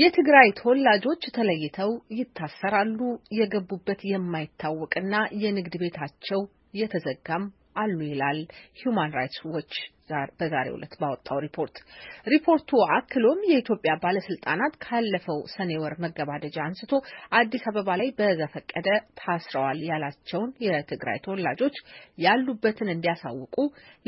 የትግራይ ተወላጆች ተለይተው ይታሰራሉ። የገቡበት የማይታወቅና የንግድ ቤታቸው የተዘጋም አሉ ይላል ሂዩማን ራይትስ ዎች በዛሬ ዕለት ባወጣው ሪፖርት። ሪፖርቱ አክሎም የኢትዮጵያ ባለስልጣናት ካለፈው ሰኔ ወር መገባደጃ አንስቶ አዲስ አበባ ላይ በዘፈቀደ ታስረዋል ያላቸውን የትግራይ ተወላጆች ያሉበትን እንዲያሳውቁ፣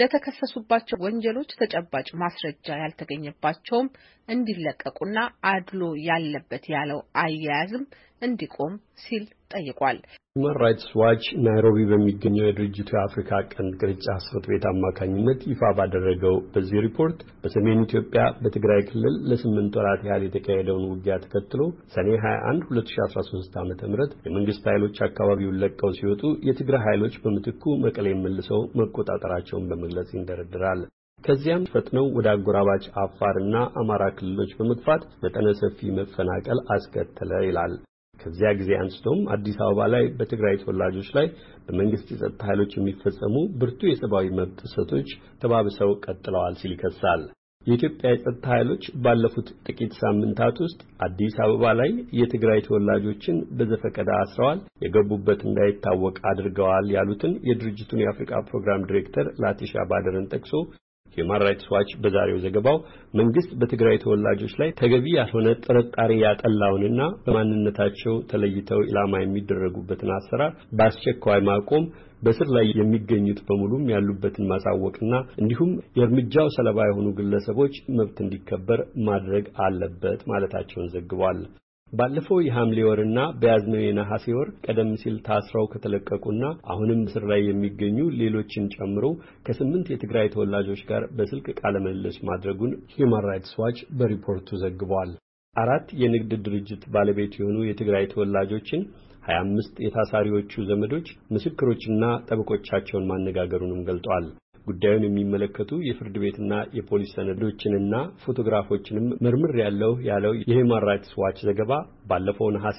ለተከሰሱባቸው ወንጀሎች ተጨባጭ ማስረጃ ያልተገኘባቸውም እንዲለቀቁና አድሎ ያለበት ያለው አያያዝም እንዲቆም ሲል ጠይቋል። ሁማን ራይትስ ዋች ናይሮቢ በሚገኘው የድርጅቱ የአፍሪካ ቀንድ ቅርንጫፍ ጽሕፈት ቤት አማካኝነት ይፋ ባደረገው በዚህ ሪፖርት በሰሜን ኢትዮጵያ በትግራይ ክልል ለስምንት ወራት ያህል የተካሄደውን ውጊያ ተከትሎ ሰኔ 21 2013 ዓ ም የመንግስት ኃይሎች አካባቢውን ለቀው ሲወጡ የትግራይ ኃይሎች በምትኩ መቀሌ መልሰው መቆጣጠራቸውን በመግለጽ ይንደረድራል። ከዚያም ፈጥነው ወደ አጎራባች አፋርና አማራ ክልሎች በመግፋት መጠነ ሰፊ መፈናቀል አስከተለ ይላል። ከዚያ ጊዜ አንስቶም አዲስ አበባ ላይ በትግራይ ተወላጆች ላይ በመንግስት የጸጥታ ኃይሎች የሚፈጸሙ ብርቱ የሰብአዊ መብት ጥሰቶች ተባብሰው ቀጥለዋል ሲል ይከሳል። የኢትዮጵያ የጸጥታ ኃይሎች ባለፉት ጥቂት ሳምንታት ውስጥ አዲስ አበባ ላይ የትግራይ ተወላጆችን በዘፈቀደ አስረዋል፣ የገቡበት እንዳይታወቅ አድርገዋል ያሉትን የድርጅቱን የአፍሪካ ፕሮግራም ዲሬክተር ላቲሻ ባደርን ጠቅሶ ሂውማን ራይትስ ዋች በዛሬው ዘገባው መንግስት በትግራይ ተወላጆች ላይ ተገቢ ያልሆነ ጥርጣሬ ያጠላውንና በማንነታቸው ተለይተው ኢላማ የሚደረጉበትን አሰራር በአስቸኳይ ማቆም በስር ላይ የሚገኙት በሙሉም ያሉበትን ማሳወቅና እንዲሁም የእርምጃው ሰለባ የሆኑ ግለሰቦች መብት እንዲከበር ማድረግ አለበት ማለታቸውን ዘግቧል። ባለፈው የሐምሌ ወርና በያዝነው የነሐሴ ወር ቀደም ሲል ታስረው ከተለቀቁና አሁንም እስር ላይ የሚገኙ ሌሎችን ጨምሮ ከስምንት የትግራይ ተወላጆች ጋር በስልክ ቃለ ምልልስ ማድረጉን ሂዩማን ራይትስ ዋች በሪፖርቱ ዘግቧል። አራት የንግድ ድርጅት ባለቤት የሆኑ የትግራይ ተወላጆችን ሀያ አምስት የታሳሪዎቹ ዘመዶች ምስክሮችና ጠበቆቻቸውን ማነጋገሩንም ገልጧል። ጉዳዩን የሚመለከቱ የፍርድ ቤትና የፖሊስ ሰነዶችንና ፎቶግራፎችንም ምርምር ያለው ያለው የሂውማን ራይትስ ዋች ዘገባ ባለፈው ነሐሴ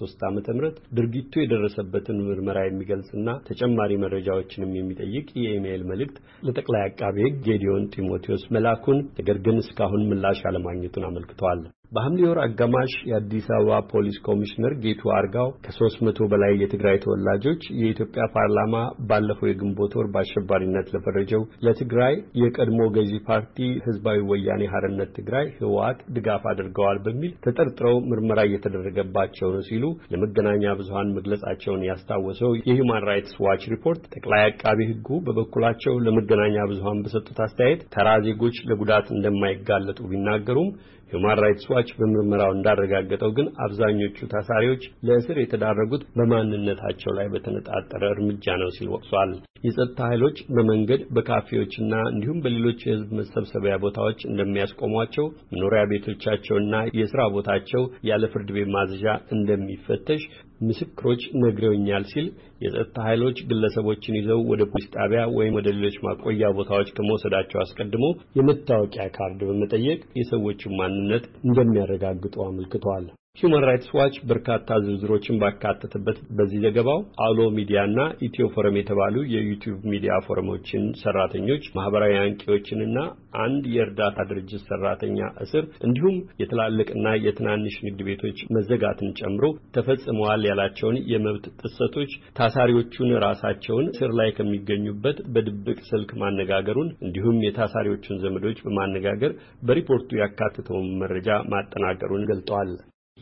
ሶስት 2013 ዓ.ም ድርጊቱ የደረሰበትን ምርመራ የሚገልጽና ተጨማሪ መረጃዎችንም የሚጠይቅ የኢሜይል መልእክት ለጠቅላይ አቃቤ ሕግ ጌዲዮን ጢሞቴዎስ መላኩን ነገር ግን እስካሁን ምላሽ አለማግኘቱን አመልክቷል። በሐምሌ ወር አጋማሽ የአዲስ አበባ ፖሊስ ኮሚሽነር ጌቱ አርጋው ከሦስት መቶ በላይ የትግራይ ተወላጆች የኢትዮጵያ ፓርላማ ባለፈው የግንቦት ወር በአሸባሪነት ለፈረጀው ለትግራይ የቀድሞ ገዢ ፓርቲ ህዝባዊ ወያኔ ሀርነት ትግራይ ህወሓት ድጋፍ አድርገዋል በሚል ተጠርጥረው ምርመራ እየተደረገባቸው ነው ሲሉ ለመገናኛ ብዙሀን መግለጻቸውን ያስታወሰው የሂውማን ራይትስ ዋች ሪፖርት ጠቅላይ አቃቢ ህጉ በበኩላቸው ለመገናኛ ብዙሀን በሰጡት አስተያየት ተራ ዜጎች ለጉዳት እንደማይጋለጡ ቢናገሩም ሂውማን ራይትስ ዋች ባለሙያዎች በምርመራው እንዳረጋገጠው ግን አብዛኞቹ ታሳሪዎች ለእስር የተዳረጉት በማንነታቸው ላይ በተነጣጠረ እርምጃ ነው ሲል ወቅሷል። የጸጥታ ኃይሎች በመንገድ በካፌዎችና እንዲሁም በሌሎች የህዝብ መሰብሰቢያ ቦታዎች እንደሚያስቆሟቸው፣ መኖሪያ ቤቶቻቸውና የስራ ቦታቸው ያለ ፍርድ ቤት ማዘዣ እንደሚፈተሽ ምስክሮች ነግረውኛል ሲል የጸጥታ ኃይሎች ግለሰቦችን ይዘው ወደ ፖሊስ ጣቢያ ወይም ወደ ሌሎች ማቆያ ቦታዎች ከመውሰዳቸው አስቀድሞ የመታወቂያ ካርድ በመጠየቅ የሰዎቹን ማንነት እንደሚያረጋግጡ አመልክቷል። ሂውማን ራይትስ ዋች በርካታ ዝርዝሮችን ባካተተበት በዚህ ዘገባው አሎ ሚዲያና ኢትዮ ፎረም የተባሉ የዩቲዩብ ሚዲያ ፎረሞችን ሰራተኞች፣ ማህበራዊ አንቂዎችንና አንድ የእርዳታ ድርጅት ሰራተኛ እስር እንዲሁም የትላልቅና የትናንሽ ንግድ ቤቶች መዘጋትን ጨምሮ ተፈጽመዋል ያላቸውን የመብት ጥሰቶች ታሳሪዎቹን ራሳቸውን እስር ላይ ከሚገኙበት በድብቅ ስልክ ማነጋገሩን እንዲሁም የታሳሪዎቹን ዘመዶች በማነጋገር በሪፖርቱ ያካተተውን መረጃ ማጠናቀሩን ገልጠዋል።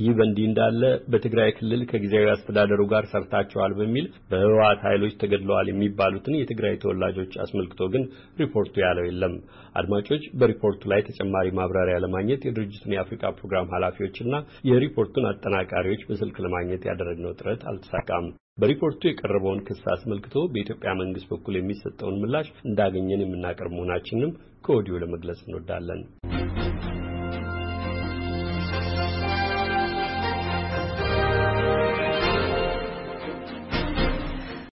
ይህ በእንዲህ እንዳለ በትግራይ ክልል ከጊዜያዊ አስተዳደሩ ጋር ሰርታቸዋል በሚል በህወሓት ኃይሎች ተገድለዋል የሚባሉትን የትግራይ ተወላጆች አስመልክቶ ግን ሪፖርቱ ያለው የለም። አድማጮች፣ በሪፖርቱ ላይ ተጨማሪ ማብራሪያ ለማግኘት የድርጅቱን የአፍሪካ ፕሮግራም ኃላፊዎችና የሪፖርቱን አጠናቃሪዎች በስልክ ለማግኘት ያደረግነው ጥረት አልተሳካም። በሪፖርቱ የቀረበውን ክስ አስመልክቶ በኢትዮጵያ መንግስት በኩል የሚሰጠውን ምላሽ እንዳገኘን የምናቀርብ መሆናችንም ከወዲሁ ለመግለጽ እንወዳለን።